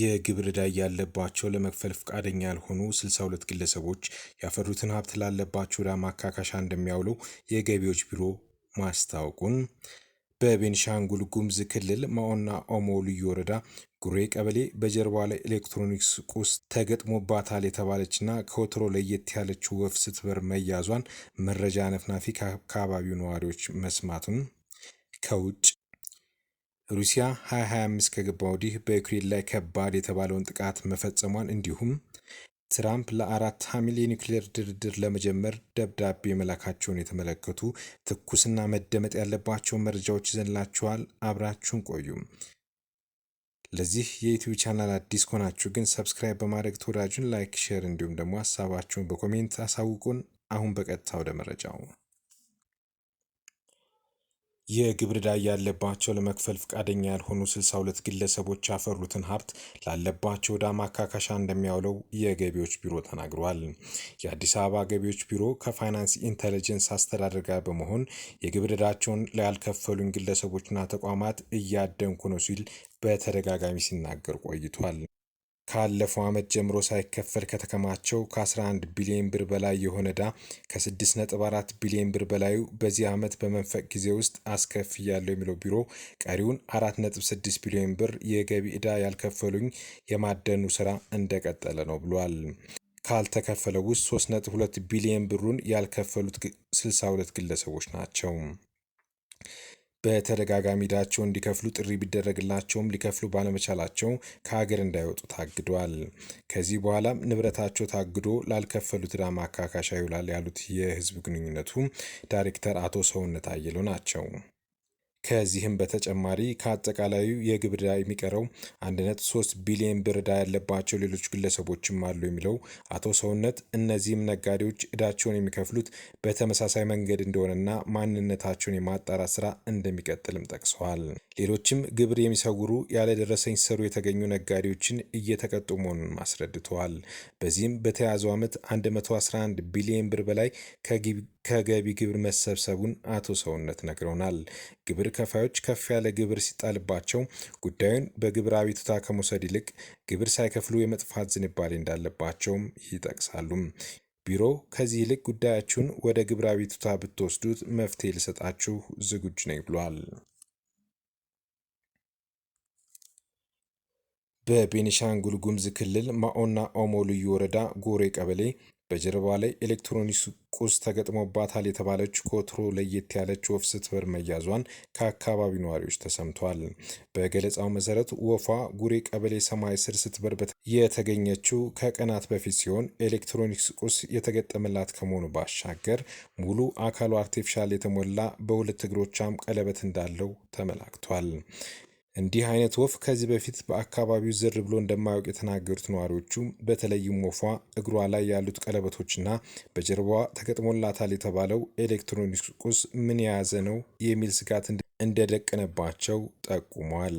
የግብር ዕዳ ያለባቸው ለመክፈል ፈቃደኛ ያልሆኑ 62 ግለሰቦች ያፈሩትን ሀብት ላለባቸው ዕዳ ማካካሻ እንደሚያውለው የገቢዎች ቢሮ ማስታወቁን በቤንሻንጉል ጉምዝ ክልል ማኦና ኦሞ ልዩ ወረዳ ጉሬ ቀበሌ በጀርባ ላይ ኤሌክትሮኒክስ ቁስ ተገጥሞባታል የተባለችና ከወትሮ ለየት ያለችው ወፍ ስትበር መያዟን መረጃ ነፍናፊ ከአካባቢው ነዋሪዎች መስማቱን ከውጭ ሩሲያ 2025 ከገባ ወዲህ በዩክሬን ላይ ከባድ የተባለውን ጥቃት መፈጸሟን እንዲሁም ትራምፕ ለአራት ሐሚል የኒውክሌር ድርድር ለመጀመር ደብዳቤ መላካቸውን የተመለከቱ ትኩስና መደመጥ ያለባቸውን መረጃዎች ይዘንላችኋል። አብራችሁን ቆዩ። ለዚህ የዩትዩብ ቻናል አዲስ ከሆናችሁ ግን ሰብስክራይብ በማድረግ ተወዳጁን ላይክ፣ ሼር እንዲሁም ደግሞ ሀሳባችሁን በኮሜንት አሳውቁን። አሁን በቀጥታ ወደ መረጃው የግብር ዕዳ ያለባቸው ለመክፈል ፈቃደኛ ያልሆኑ 62 ግለሰቦች ያፈሩትን ሀብት ላለባቸው ዕዳ ማካካሻ እንደሚያውለው የገቢዎች ቢሮ ተናግሯል። የአዲስ አበባ ገቢዎች ቢሮ ከፋይናንስ ኢንተለጀንስ አስተዳደር ጋር በመሆን የግብር ዕዳቸውን ላልከፈሉኝ ግለሰቦችና ተቋማት እያደንኩ ነው ሲል በተደጋጋሚ ሲናገር ቆይቷል። ካለፈው ዓመት ጀምሮ ሳይከፈል ከተከማቸው ከ11 ቢሊዮን ብር በላይ የሆነ ዕዳ ከ6.4 ቢሊዮን ብር በላዩ በዚህ ዓመት በመንፈቅ ጊዜ ውስጥ ያለው የሚለው ቢሮ ቀሪውን 4.6 ቢሊዮን ብር የገቢ ዕዳ ያልከፈሉኝ የማደኑ ስራ እንደቀጠለ ነው ብሏል። ካልተከፈለው ውስጥ 3.2 ቢሊዮን ብሩን ያልከፈሉት 62 ግለሰቦች ናቸው። በተደጋጋሚ ዕዳቸውን እንዲከፍሉ ጥሪ ቢደረግላቸውም ሊከፍሉ ባለመቻላቸው ከሀገር እንዳይወጡ ታግዷል። ከዚህ በኋላም ንብረታቸው ታግዶ ላልከፈሉት ዕዳ ማካካሻ ይውላል ያሉት የህዝብ ግንኙነቱ ዳይሬክተር አቶ ሰውነት አየለው ናቸው። ከዚህም በተጨማሪ ከአጠቃላዩ የግብር ዕዳ የሚቀረው 1.3 ቢሊዮን ብር ዕዳ ያለባቸው ሌሎች ግለሰቦችም አሉ የሚለው አቶ ሰውነት እነዚህም ነጋዴዎች ዕዳቸውን የሚከፍሉት በተመሳሳይ መንገድ እንደሆነና ማንነታቸውን የማጣራት ስራ እንደሚቀጥልም ጠቅሰዋል። ሌሎችም ግብር የሚሰውሩ ያለ ደረሰኝ ሰሩ የተገኙ ነጋዴዎችን እየተቀጡ መሆኑን አስረድተዋል። በዚህም በተያዘው ዓመት 111 ቢሊዮን ብር በላይ ከገቢ ግብር መሰብሰቡን አቶ ሰውነት ነግረውናል። ግብር ከፋዮች ከፍ ያለ ግብር ሲጣልባቸው ጉዳዩን በግብር አቤቱታ ከመውሰድ ይልቅ ግብር ሳይከፍሉ የመጥፋት ዝንባሌ እንዳለባቸውም ይጠቅሳሉ። ቢሮ ከዚህ ይልቅ ጉዳያችሁን ወደ ግብር አቤቱታ ብትወስዱት መፍትሄ ልሰጣችሁ ዝግጁ ነኝ ብሏል። በቤኒሻንጉል ክልል ማኦና ኦሞ ልዩ ወረዳ ጎሬ ቀበሌ በጀርባዋ ላይ ኤሌክትሮኒክስ ቁስ ተገጥሞባታል የተባለች ከወትሮ ለየት ያለች ወፍ ስትበር መያዟን ከአካባቢ ነዋሪዎች ተሰምቷል። በገለጻው መሰረት ወፏ ጉሬ ቀበሌ ሰማይ ስር ስትበር የተገኘችው ከቀናት በፊት ሲሆን ኤሌክትሮኒክስ ቁስ የተገጠመላት ከመሆኑ ባሻገር ሙሉ አካሉ አርቲፊሻል የተሞላ በሁለት እግሮቿም ቀለበት እንዳለው ተመላክቷል። እንዲህ አይነት ወፍ ከዚህ በፊት በአካባቢው ዝር ብሎ እንደማያውቅ የተናገሩት ነዋሪዎቹ በተለይም ወፏ እግሯ ላይ ያሉት ቀለበቶችና በጀርባዋ ተገጥሞላታል የተባለው ኤሌክትሮኒክስ ቁስ ምን የያዘ ነው የሚል ስጋት እንደደቀነባቸው ጠቁሟል።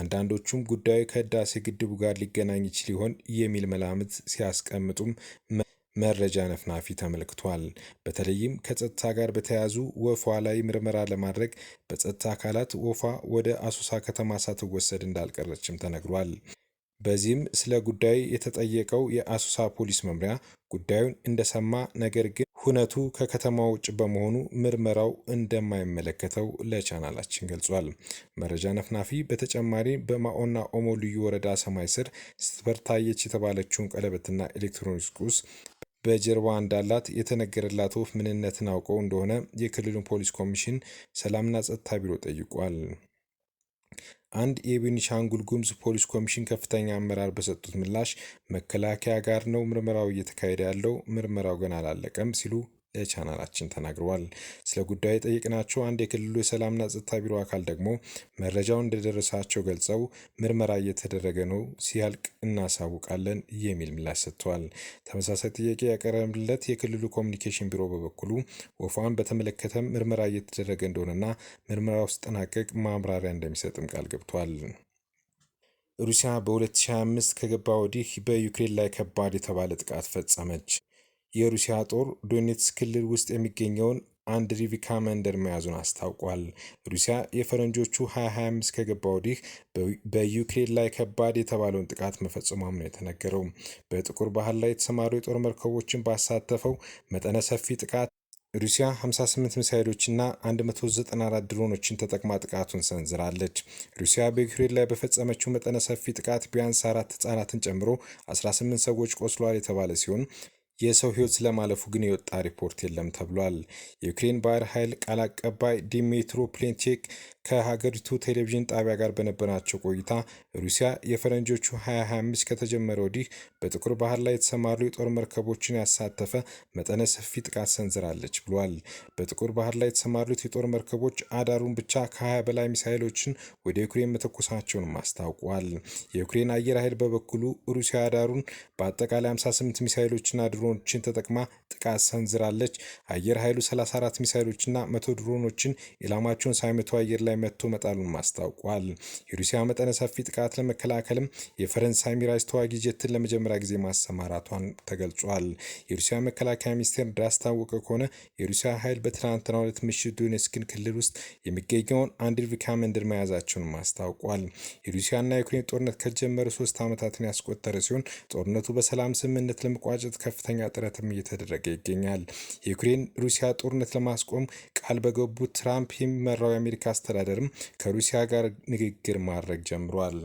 አንዳንዶቹም ጉዳዩ ከህዳሴ ግድቡ ጋር ሊገናኝ ይችል ይሆን የሚል መላምት ሲያስቀምጡም መረጃ ነፍናፊ ተመልክቷል። በተለይም ከጸጥታ ጋር በተያያዙ ወፏ ላይ ምርመራ ለማድረግ በጸጥታ አካላት ወፏ ወደ አሶሳ ከተማ ሳትወሰድ እንዳልቀረችም ተነግሯል። በዚህም ስለ ጉዳይ የተጠየቀው የአሶሳ ፖሊስ መምሪያ ጉዳዩን እንደሰማ ነገር ግን ሁነቱ ከከተማ ውጭ በመሆኑ ምርመራው እንደማይመለከተው ለቻናላችን ገልጿል። መረጃ ነፍናፊ በተጨማሪ በማኦና ኦሞ ልዩ ወረዳ ሰማይ ስር ስትበርታየች የተባለችውን ቀለበትና ኤሌክትሮኒክስ ቁስ በጀርባ እንዳላት የተነገረላት ወፍ ምንነትን አውቀው እንደሆነ የክልሉን ፖሊስ ኮሚሽን ሰላምና ጸጥታ ቢሮ ጠይቋል። አንድ የቤኒሻንጉል ጉምዝ ፖሊስ ኮሚሽን ከፍተኛ አመራር በሰጡት ምላሽ መከላከያ ጋር ነው ምርመራው እየተካሄደ ያለው፣ ምርመራው ገና አላለቀም ሲሉ ቻናላችን ተናግረዋል። ስለ ጉዳዩ የጠየቅናቸው አንድ የክልሉ የሰላምና ጸጥታ ቢሮ አካል ደግሞ መረጃውን እንደደረሳቸው ገልጸው ምርመራ እየተደረገ ነው፣ ሲያልቅ እናሳውቃለን የሚል ምላሽ ሰጥተዋል። ተመሳሳይ ጥያቄ ያቀረብለት የክልሉ ኮሚኒኬሽን ቢሮ በበኩሉ ወፏን በተመለከተ ምርመራ እየተደረገ እንደሆነና ምርመራው ሲጠናቀቅ ማምራሪያ እንደሚሰጥም ቃል ገብቷል። ሩሲያ በ2025 ከገባ ወዲህ በዩክሬን ላይ ከባድ የተባለ ጥቃት ፈጸመች። የሩሲያ ጦር ዶኔትስክ ክልል ውስጥ የሚገኘውን አንድ ሪቪካ መንደር መያዙን አስታውቋል። ሩሲያ የፈረንጆቹ 2025 ከገባ ወዲህ በዩክሬን ላይ ከባድ የተባለውን ጥቃት መፈጸሟም ነው የተነገረው። በጥቁር ባህር ላይ የተሰማሩ የጦር መርከቦችን ባሳተፈው መጠነ ሰፊ ጥቃት ሩሲያ 58 ና 194 ድሮኖችን ተጠቅማ ጥቃቱን ሰንዝራለች። ሩሲያ በዩክሬን ላይ በፈጸመችው መጠነ ሰፊ ጥቃት ቢያንስ አራት ህጻናትን ጨምሮ 18 ሰዎች ቆስሏል የተባለ ሲሆን የሰው ህይወት ስለማለፉ ግን የወጣ ሪፖርት የለም ተብሏል። የዩክሬን ባህር ኃይል ቃል አቀባይ ዲሚትሮ ፕሌንቼክ ከሀገሪቱ ቴሌቪዥን ጣቢያ ጋር በነበራቸው ቆይታ ሩሲያ የፈረንጆቹ 2025 ከተጀመረ ወዲህ በጥቁር ባህር ላይ የተሰማሩ የጦር መርከቦችን ያሳተፈ መጠነ ሰፊ ጥቃት ሰንዝራለች ብሏል። በጥቁር ባህር ላይ የተሰማሩት የጦር መርከቦች አዳሩን ብቻ ከ20 በላይ ሚሳይሎችን ወደ ዩክሬን መተኮሳቸውንም አስታውቋል። የዩክሬን አየር ኃይል በበኩሉ ሩሲያ አዳሩን በአጠቃላይ 58 ሚሳይሎችና ድሮኖችን ተጠቅማ ጥቃት ሰንዝራለች። አየር ኃይሉ 34 ሚሳይሎችና መቶ ድሮኖችን ኢላማቸውን ሳይመቱ አየር ላይ ላይ መጥቶ መጣሉን ማስታውቋል። የሩሲያ መጠነ ሰፊ ጥቃት ለመከላከልም የፈረንሳይ ሚራጅ ተዋጊ ጀትን ለመጀመሪያ ጊዜ ማሰማራቷን ተገልጿል። የሩሲያ መከላከያ ሚኒስቴር እንዳስታወቀ ከሆነ የሩሲያ ኃይል በትናንትናው ዕለት ምሽት ዶኔስክን ክልል ውስጥ የሚገኘውን አንድሪቪካ መንደር መያዛቸውን ማስታውቋል። የሩሲያና የዩክሬን ጦርነት ከጀመረ ሶስት ዓመታትን ያስቆጠረ ሲሆን ጦርነቱ በሰላም ስምምነት ለመቋጨት ከፍተኛ ጥረትም እየተደረገ ይገኛል። የዩክሬን ሩሲያ ጦርነት ለማስቆም ቃል በገቡት ትራምፕ የሚመራው የአሜሪካ አስተዳደር አስተዳደርም ከሩሲያ ጋር ንግግር ማድረግ ጀምሯል።